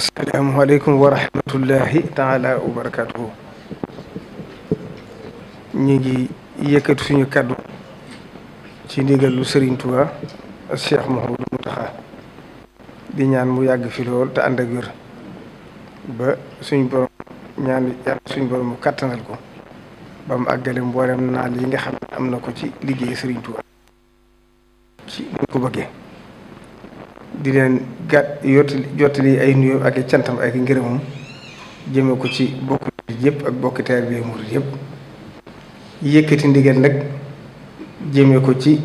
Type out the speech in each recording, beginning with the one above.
asalaamaaleykum wa rahmatullahi taala wa barakaatuhu ñu ngi yëkkati suñu kàddu ci ndigalu Serigne Touba ak Cheikh Mouhamadou di ñaan mu yàgg fi lool te ànd ak wér ba suñ borom ñaan yàlla suñ mu kàttanal ko ba mu àggale mboolem naal nga xam ne am na ko ci liggéey Serigne Touba ci ñu ko bëggee. di leen gàtt yotti jottali ay nuyoo ak i cantam ak i ngërëmam ko ci bokk yëpp ak bokki taar bi murid yëpp yëkkati ndigal nag jëme ko ci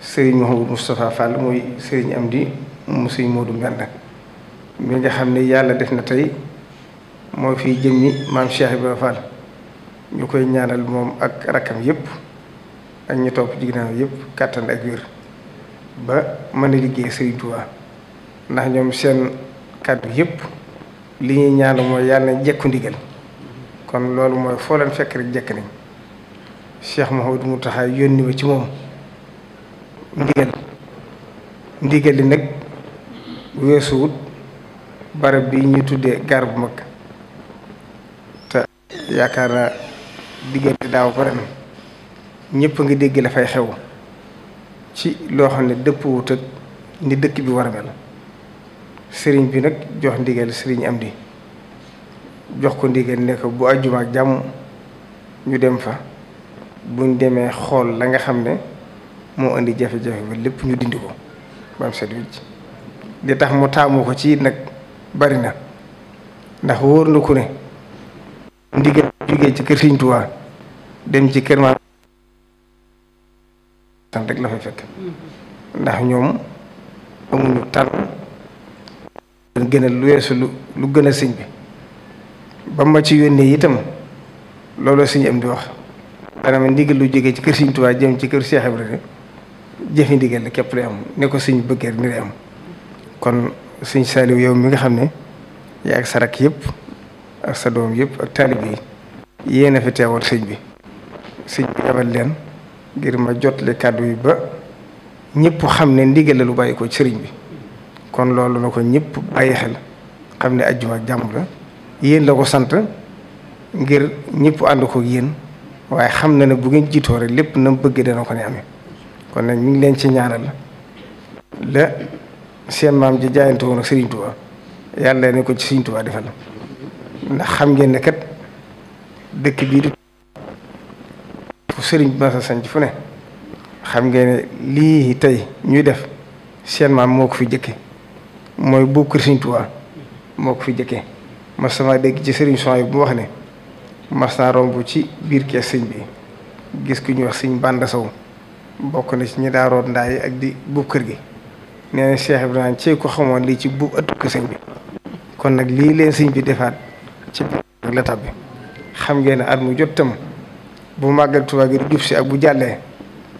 sëriñ Mouhamadou Moustapha Fall muy sëriñ Amdi mu sëriñ Modou Mbenda mi nga xam ne yàlla def na tey moo fi jëmmi maam Cheikh Ibrahima ñu koy ñaanal moom ak rakkam yëpp ak ñu topp ci ginnaaw yëpp kàttan ak wér ba mën a liggéey Sëriñ Tuubaa ndax ñoom seen kàddu yëpp li ñuy ñaanu mooy yàlla na jekku ndigal kon loolu mooy foo leen fekk rek jekk nañ Cheikh mu Mountakha yónni ba ci moom ndigal ndigal li nag weesuwut barab bi ñu tuddee gaar bu mag te yaakaar na diggante daaw ba ren ñëpp a ngi dégg la fay xew ci loo xam ne dëppwut ak ni dëkk bi war a mel sëriñ bi nag jox ndigal sëriñ am di jox ko ndigal ne bu àjjuma ak jàmm ñu dem fa buñ demee xool la nga xam ne moo indi jafe-jafe ba lépp ñu dindi ko ba am set wicc li tax mu taamu ko ci nag bari na ndax wóor na ku ne ndigal jógee ci kër Sëriñ Tuubaa dem ci kër ma tan rek la fay fekk ndax ñoom amuñu tan gën gënal lu weesu lu gën a sëñ bi ba ma ci yónnee itam loolu sëñ am di wax dana ma ndigal lu jógee ci kër sëñ Tuubaa jëm ci kër Cheikh Ibrahima jëfi ndigal la képp lay am ne ko sëñ bëggee ni lay am kon sëñ Saliou yow mi nga xam ne yaa ak sa rakk yëpp ak sa doom yëpp ak taalib yi yéen a fi teewal sëñ bi sëñ bi yabal leen ngir ma jotle kàddu yi ba ñëpp xam ne ndigal la lu bàyyi ko sëriñ bi kon loolu na ko ñëpp bàyyi xel xam ne ajjuma jàmm la yéen la ko sant ngir ñëpp ànd ko yéen waaye xam na ne bu ngeen jiitoo rek lépp na mu bëgg dana ko ne amee kon nag ñu ngi leen ci ñaanal la seen maam ji jaayante woon ak sëriñ Tuubaa yàlla ne ko ci sëriñ defal ndax xam ngeen ne dëkk bii sëriñ bi masa sanc fu ne xam ngeen ne lii tey ñuy def seen maam moo ko fi jëkke mooy boobu kër siñ Tuubaa moo ko fi jëkke mas sama dégg ci sëriñ son yi bu wax ne mas romb ci biir kees sëñ bi gis ki ñuy wax sëñ Bànda Sow bokk na ci ñi daa root ndaa yi ak di buub kër gi nee na Cheikh Ibrahima ci ko xamoon lii ci buub ëttu ko sëñ bi kon nag lii leen sëñ bi defaat ci biir la tàbbi xam ngeen ne at mu jot tam bu màggal Tuubaa gi jub si ak bu jàllee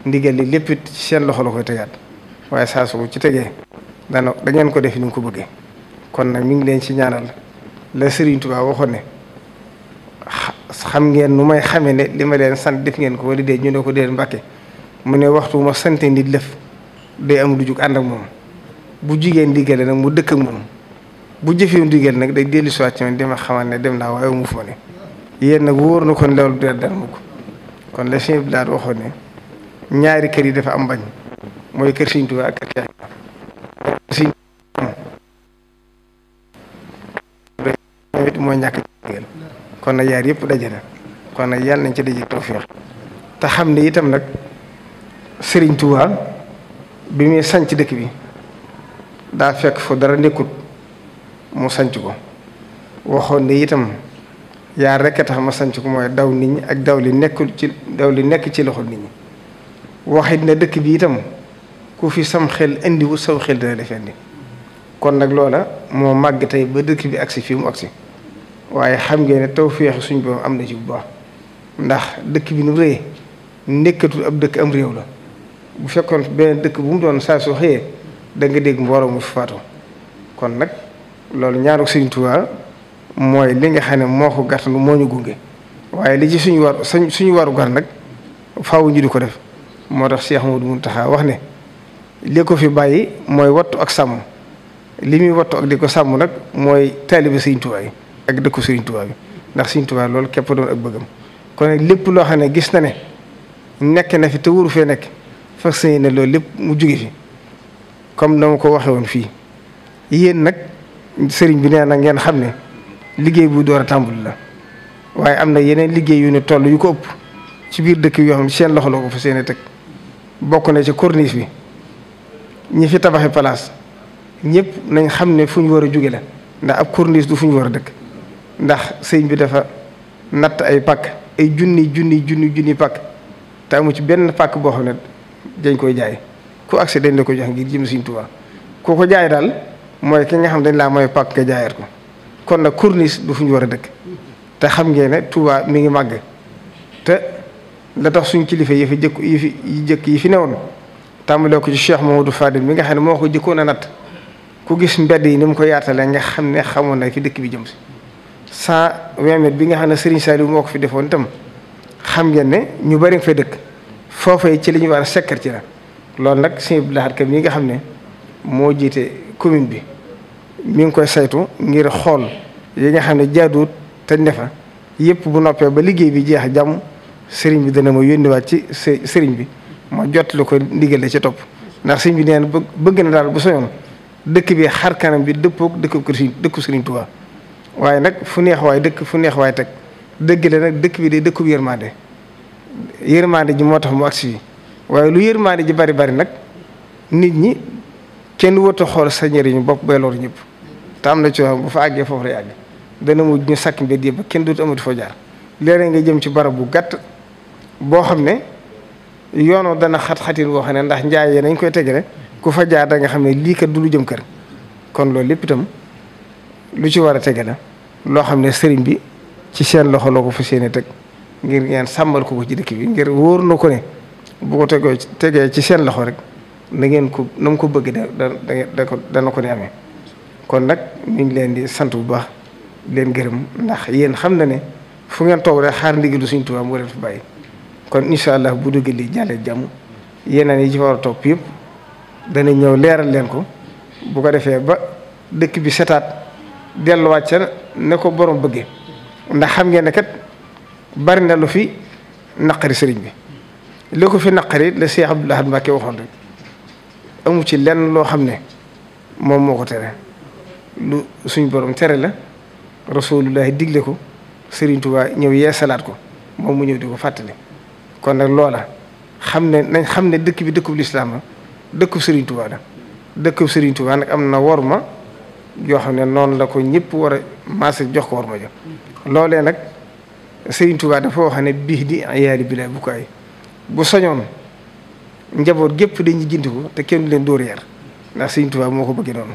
ndigal li lépp it ci seen loxo la koy tegaat waaye saa su ci tegee dana dangeen ko def ni nga ko bëggee kon nag mi ngi leen ci ñaanal la sëriñ Touba waxoon ne xam ngeen nu may xamee ne li ma leen sant def ngeen ko wala dee ñu ne ko dee mbakke mu ne waxtu ma sante nit lëf day am lu jug ànd ak moom bu jigéen digale nag mu dëkk ak moom bu jëfee digale nag day dellu si waat ci man dama xamal ne dem naa waaye mu fa yéen nag wóor na kon loolu du dal kon la Cheikh Abdou Lahad waxoon ne ñaari kër yi dafa am bañ mooy kër Sëriñ Tuubaa ak kër Cheikh Ibrahima mooy kon na yaar yëpp daje na kon nag yàlla nañ ci daje tawfeex te xam ne itam nag Sëriñ Tuubaa bi muy sanc dëkk bi daa fekk fu dara nekkut mu sanc ko waxoon ne itam yaa rekk tax ma sanc ko mooy daw nit ñi ak daw li nekkul ci daw li nekk ci loxo nit ñi waxit na dëkk bi itam ku fi sam xel indiwu saw xel dana defee ni kon nag loola moo màgg tey ba dëkk bi agsi fii mu agsi waaye xam ngeen ne tawféexu suñ borom am na ci bu baax ndax dëkk bi nu rëy nekkatul ab dëkk am réew la bu fekkoon beneen dëkk bu mu doon saa soo xëyee da nga dégg mbooloo mu faatu kon nag loolu ñaaru Sëriñ Tuubaa mooy li nga xam ne moo ko gàttalu moo ñu gunge waaye li ci suñu war suñu waru gar nag faaw ñu ko def moo tax Cheikh Modou Mountakha wax ne li ko fi bàyyi mooy wattu ak sàmm li muy wattu ak di ko sàmm nag mooy taalibe Sëriñ Tuubaa yi ak dëkku Sëriñ Tuubaa bi ndax Sëriñ Tuubaa loolu képp doon ak bëggam kon nag lépp loo xam ne gis na ne nekk na fi te waru fee nekk fas yéene loolu lépp mu juge fi comme dama ko waxe woon fii yéen nag sëriñ bi nee na ngeen xam ne liggéey bu door a tàmbali la waaye am na yeneen liggéey yu ne toll yu ko ëpp ci biir dëkk yoo xam seen loxo la ko fa seen teg bokk na ci corniche bi ñi fi tabaxi place ñëpp nañ xam ne fu ñu war a jóge la ndax ab corniche du fu ñu war a dëkk ndax sëñ bi dafa natt ay pàkk ay junni junni junni junni pàkk te amu ci benn pàkk boo xam ne dañ koy jaay ku accès dañ la ko jox ngir jëm Sëñ Tuubaa ku ko jaay daal mooy ki nga xam dañ laa mooy pàkk nga jaayaat ko kon nag corniche du fu ñu war a dëkk te xam ngeen ne Touba mi ngi màgg te la tax suñ kilifa yi fi jëkk yi fi yi jëkk yi fi newoon tàmbalee ko ci Cheikh Mamadou Fadil mi nga xam ne moo ko jëkkoon a natt ku gis mbedd yi ni mu ko yaatalee nga xam ne xamoon na fi dëkk bi jëm si. cent vingt bi nga xam ne Serigne Saliou moo ko fi defoon itam xam ngeen ne ñu bëri dëkk foofee ci li ñu war a sekkar loolu nag sëñ Abdou nga xam ne moo jiite commune bi. mi ngi koy saytu ngir xool yi nga xam ne jaaduwut te ne fa yëpp bu noppee ba liggéey bi jeex jàmm sëriñ bi dana ma yónniwaat ci sëriñ bi ma jottali ko ndigal ci topp ndax sëriñ bi nee na bëgg na daal bu soñoon dëkk bi xar kanam bi dëppoog dëkk ko si dëkku sëriñ Tuubaa waaye nag fu neex waay dëkk fu neex waay teg dëgg la nag dëkk bi day dëkkub yërmande yërmande ji moo tax mu agsi waaye lu yërmande ji bari bari nag nit ñi kenn wëtt xool sa njëriñu bopp bay loolu ñëpp te am na ci bu fa àggee foofu lay ak dana mujj ñu sakk mbedd yëpp kenn du amatu foo jaar. léeg-léeg nga jëm ci barab bu gàtt boo xam ne yoonoo dana xat-xatin woo xam ne ndax njaay yee nañ koy tegere ku fa jaar da nga xam ne lii kat du lu jëm kër kon loolu lépp itam lu ci war a tege na loo xam ne sëriñ bi ci seen loxo la ko fa seen teg ngir ngeen sàmmal ko ko ci dëkk bi ngir wóor na ko ne bu ko tegoo tegee ci seen loxo rek. na ngeen ko na mu ko bëgg da dana ko ne amee kon nag ñu ngi leen di sant bu baax leen gërëm ndax yéen xam na ne fu ngeen toog rek xaar ndigalu suñu tubaab moo leen bàyyi kon incha allah bu duggee li jàllee jàmm yeneen yi ci war a topp yëpp dana ñëw leeral leen ko bu ko defee ba dëkk bi setaat delluwaat ca ne ko borom bëggee ndax xam ngeen ne kat bari na lu fi naqari sëriñ bi li ko fi naqari la Cheikh Abdoul Ahad Mbacké waxoon rek amu ci lenn loo xam ne moom moo ko tere lu suñ boroom tere la rasulullahi digle ko Serigne Touba ñëw yeesalaat ko moom mu ñëw di ko fàttali kon nag loola xam ne nañ xam ne dëkk bi dëkkub lislaam la dëkkub Serigne Touba la dëkkub Serigne Touba nag am na wor ma yoo xam ne noonu la ko ñëpp war a maase jox ko war ma jox loolee nag Serigne Touba dafa wax ne bii di ayaari bilaay bu kaay bu soñoon njaboot gépp dañuy gindiku te kenn leen dóor yar ndax Sëriñ Tuubaa moo ko bëggee noonu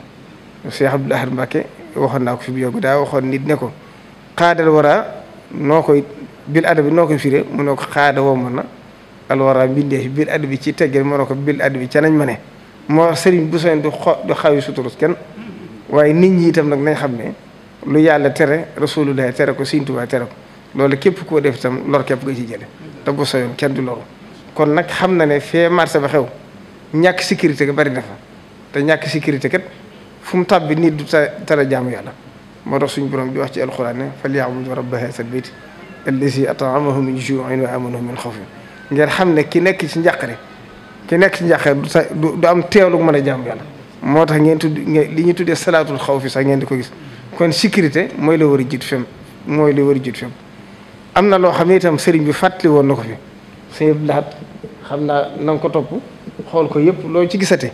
Cheikh Abdoul Ahad Mbacké waxoon naa ko fi bu yàgg daa waxoon nit ne ko xaadal wara noo koy bil adabi noo koy firé mu ne ko xaada woo mën na al wara mbindeef bil adabi ci teggeel mu ne ko bil adabi ca nañ ma ne moo sëriñ bu soñ du xo du xawi suturus kenn waaye nit ñi itam nag nañ xam ne lu yàlla tere rasulullah tere ko Sëriñ Tuubaa tere ko loolu képp koo def itam lor képp nga ci jële te bu soyoon kenn du kon nag xam na ne fee marché ba xew ñàkk sécurité ga bari na te ñàkk sécurité kat fu mu tàbbi nit du tara jaamu yàlla moo tax suñu borom di wax ci alxuraan ne falyabudu rabba haazal bayt allazi at'amahum min juu'in wa aamanahum min xawfin ngeen xam ne ki nekk ci njàqare ki nekk ci njàqare du du am teewlu mën a jaamu moo tax ngeen li ñu tuddee salaatul xawfi sax ngeen di ko gis kon sécurité mooy la war a jiit fem mooy la war jiit fem am na loo xam ne itam sëriñ bi fàttali woon na ko fi sëñ Abdou Lahad xam naa na nga ko topp xool ko yëpp loo ci gisate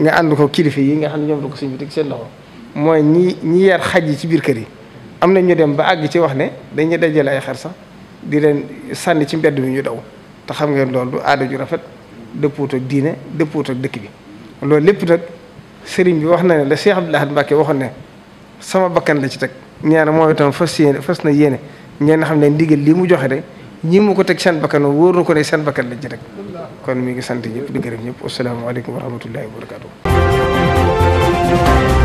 nga ànd ko kilifa yi nga xam ne ñoom la ko sëñ bi teg seen loxo mooy ñi ñi yar xaj yi ci biir kër yi am na ñu dem ba àgg ci wax ne dañuy dajale ay xar sax di leen sànni ci mbedd mi ñu daw te xam ngeen loolu du aada ju rafet dëppuut ak diine dëppuut ak dëkk bi loolu lépp sëriñ bi wax na ne la Cheikh Abdou Lahad Mbacké ne sama bakkan la ci teg ñaar mooy itam fas yéene fas na yéene ñeen xam ne ndigal lii mu joxe de ñi mu ko teg seen bakkan wóor na ko ne seen bakkan lañ ci teg kon mi ngi sant ñëpp di gërëm ñëpp asalaamaaleykum wa rahmatullahi wa barakatuh